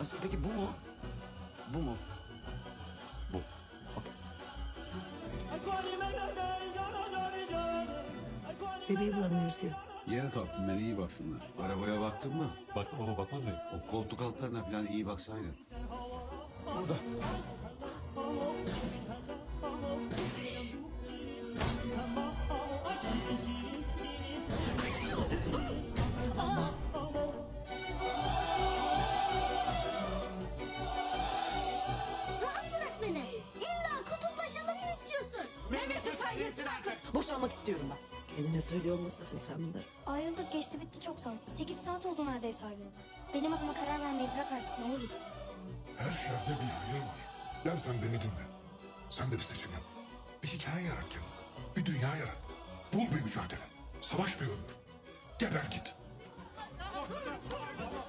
Asiye peki bu mu? Bu mu? Bu. Bebeği bulamıyoruz diyor. Yere kalktım ben iyi baksınlar. Arabaya baktın mı? Bak, baba bakmaz mıyım? O koltuk altlarına falan iyi baksaydın. Burada. Kesin artık. Boşanmak istiyorum ben. Kendine söylüyor olmasın sen bunları. Ayrıldık geçti bitti çoktan. Sekiz saat oldu neredeyse ayrılık. Benim adıma karar vermeyi bırak artık ne olur. Her şerde bir hayır var. Gel sen beni dinle. Sen de bir seçim yap. Bir hikaye yarat kendine. Bir dünya yarat. Bul bir mücadele. Savaş bir ömür. Geber git.